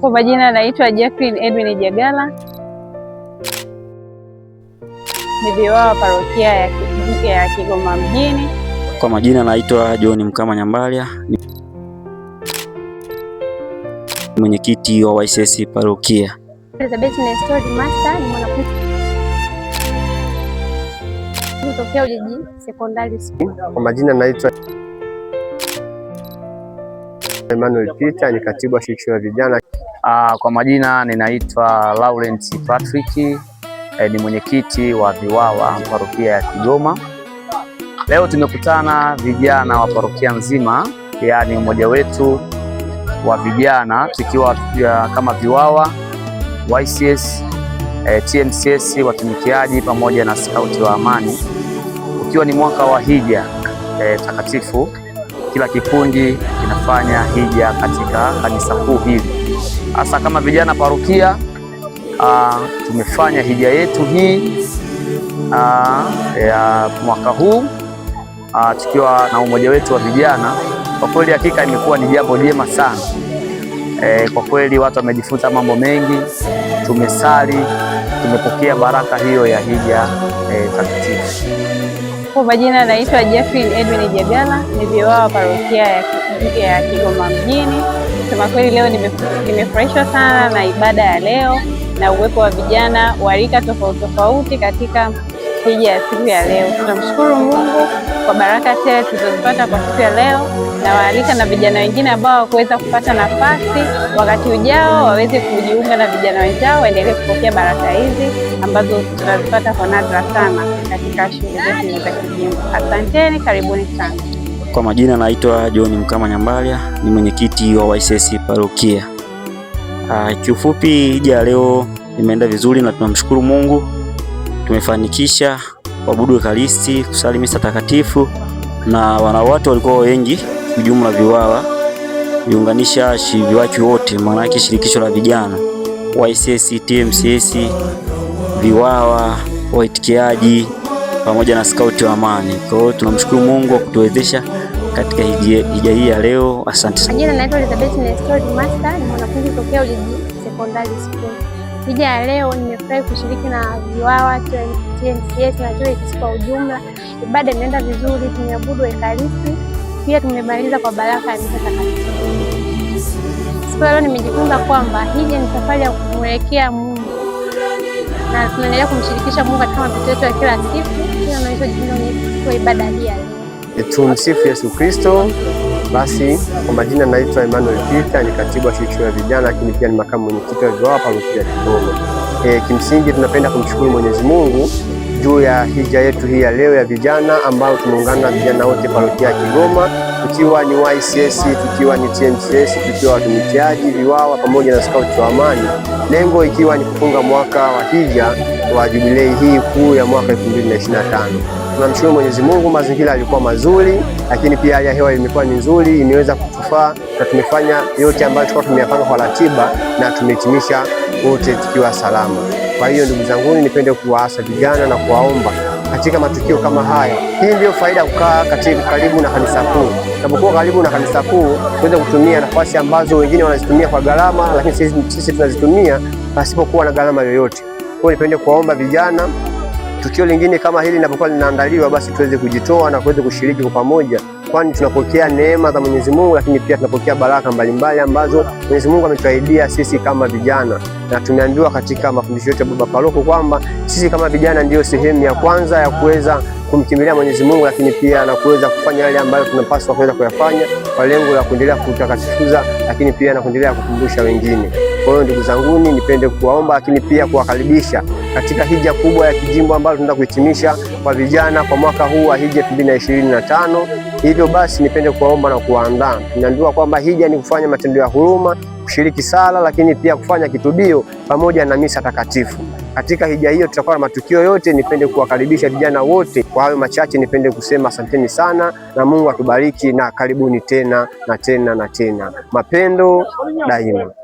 Kwa majina anaitwa Jacqueline Edwin Jagala, ni VIWAWA parokia ya ya Kigoma mjini. Kwa majina anaitwa John Mkama Nyambalya, mwenyekiti wa YCS parokia. Elizabeth Nestor Master ni mwanafunzi kutokea Ujiji Sekondari Kwa majina anaitwa Emmanuel Peter ni katibu wa shirikisho la vijana. Uh, kwa majina ninaitwa Laurent Patrick eh, ni mwenyekiti wa VIWAWA parokia ya Kigoma. Leo tumekutana vijana wa parokia nzima, yaani mmoja wetu wa vijana tukiwa eh, kama VIWAWA, YCS, eh, TMCS watumikiaji pamoja na skauti wa amani, ukiwa ni mwaka wa hija eh, takatifu kila kikundi kinafanya hija katika kanisa kuu hili. Hasa kama vijana parokia aa, ah, tumefanya hija yetu hii aa, ah, ya mwaka huu aa, ah, tukiwa na umoja wetu wa vijana. Kwa kweli hakika imekuwa ni jambo jema sana. E, kwa kweli watu wamejifunza mambo mengi, tumesali, tumepokea baraka hiyo ya hija e, takatifu. Kwa majina naitwa Jeffrey Edwin Jagala, ni wa parokia ya Kigoma mjini. Kusema kweli, leo nimefurahishwa sana na ibada ya leo na uwepo wa vijana wa rika tofauti tofauti katika tija ya siku ya leo. Tunamshukuru Mungu kwa baraka tele tulizozipata kwa siku ya leo, na waalika na vijana wengine ambao wakuweza kupata nafasi, wakati ujao waweze kujiunga na vijana wenzao, waendelee kupokea baraka hizi ambazo tunazipata kwa nadra sana katika shughuli zetu za kijimbo. Asanteni, karibuni sana. Kwa majina naitwa John Mkama Nyambalia, ni mwenyekiti wa YCS Parokia. Ah, kiufupi, hija leo imeenda vizuri na tunamshukuru Mungu tumefanikisha kuabudu Ekaristi, kusali misa takatifu na wanawatu walikuwa wengi ujumla, viwawa viunganisha viwachi wote, maana shirikisho la vijana YCS, TMCS, viwawa waitikiaji pamoja na skauti wa amani. Kwa hiyo tunamshukuru Mungu kwa kutuwezesha katika hija hii ya leo. Asante sana. Jina naitwa Elizabeth Nestor Master, ni mwanafunzi kutoka Uliji Secondary School hija ya leo nimefurahi kushiriki na VIWAWA TNCS na TOEICS kwa ujumla. Ibada imeenda vizuri, tumeabudu Ekaristi, pia tumemaliza kwa baraka ya misa takatifu. Siku ya leo nimejifunza kwamba hija ni safari ya kumwelekea Mungu na tunaendelea kumshirikisha Mungu katika mapito yetu ya kila siku. Kila naishojifunza kwa ibada hii ya leo. Tumsifu Yesu Kristo. Basi kwa majina naitwa Emmanuel Peter, ni katibu wa shirikisho la vijana, lakini pia ni makamu mwenyekiti wa VIWAWA wilaya ya Kigoma. E, kimsingi tunapenda kumshukuru Mwenyezi Mungu juu ya hija yetu hii ya leo ya vijana ambayo tumeungana vijana wote parokia ya Kigoma, tukiwa ni YCS, tukiwa ni TMCS, tukiwa watumikiaji VIWAWA pamoja na scout wa amani, lengo ikiwa ni kufunga mwaka wa hija wa jubilei hii kuu ya mwaka 2025. Tunamshukuru Mwenyezi Mungu, mazingira yalikuwa mazuri, lakini pia hali ya hewa imekuwa ni nzuri, imeweza kutufaa na tumefanya yote ambayo tulikuwa tumeyapanga kwa ratiba na tumehitimisha wote tukiwa salama. Kwa hiyo ndugu zangu, nipende kuwaasa vijana na kuwaomba katika matukio kama haya. Hii ndiyo faida ya kukaa katika karibu na kanisa kuu. Tunapokuwa karibu na kanisa kuu, tunaweza kutumia nafasi ambazo wengine wanazitumia kwa gharama, lakini sisi, sisi tunazitumia pasipokuwa na gharama yoyote. Kwa hiyo nipende kuwaomba vijana tukio lingine kama hili linapokuwa linaandaliwa, basi tuweze kujitoa na kuweze kushiriki kwa pamoja, kwani tunapokea neema za Mwenyezi Mungu, lakini pia tunapokea baraka mbalimbali ambazo Mwenyezi Mungu ametuahidia sisi kama vijana, na tumeambiwa katika mafundisho yetu ya Baba Paroko kwamba sisi kama vijana ndiyo sehemu ya kwanza ya kuweza kumkimbilia Mwenyezi Mungu, lakini pia na kuweza kufanya yale ambayo tunapaswa kuweza kuyafanya kwa lengo la kuendelea kutakatifuza, lakini pia na kuendelea kukumbusha wengine. Kwa hiyo ndugu zanguni, nipende kuwaomba lakini pia kuwakaribisha katika hija kubwa ya kijimbo ambayo tunaenda kuhitimisha kwa vijana kwa mwaka huu wa hija 2025. Hivyo basi, nipende kuwaomba na kuwaandaa. Tunaambiwa kwamba hija ni kufanya matendo ya huruma, kushiriki sala, lakini pia kufanya kitubio pamoja na misa takatifu. Katika hija hiyo tutakuwa na matukio yote. Nipende kuwakaribisha vijana wote. Kwa hayo machache, nipende kusema asanteni sana na Mungu atubariki, na karibuni tena na tena na tena. Mapendo daima.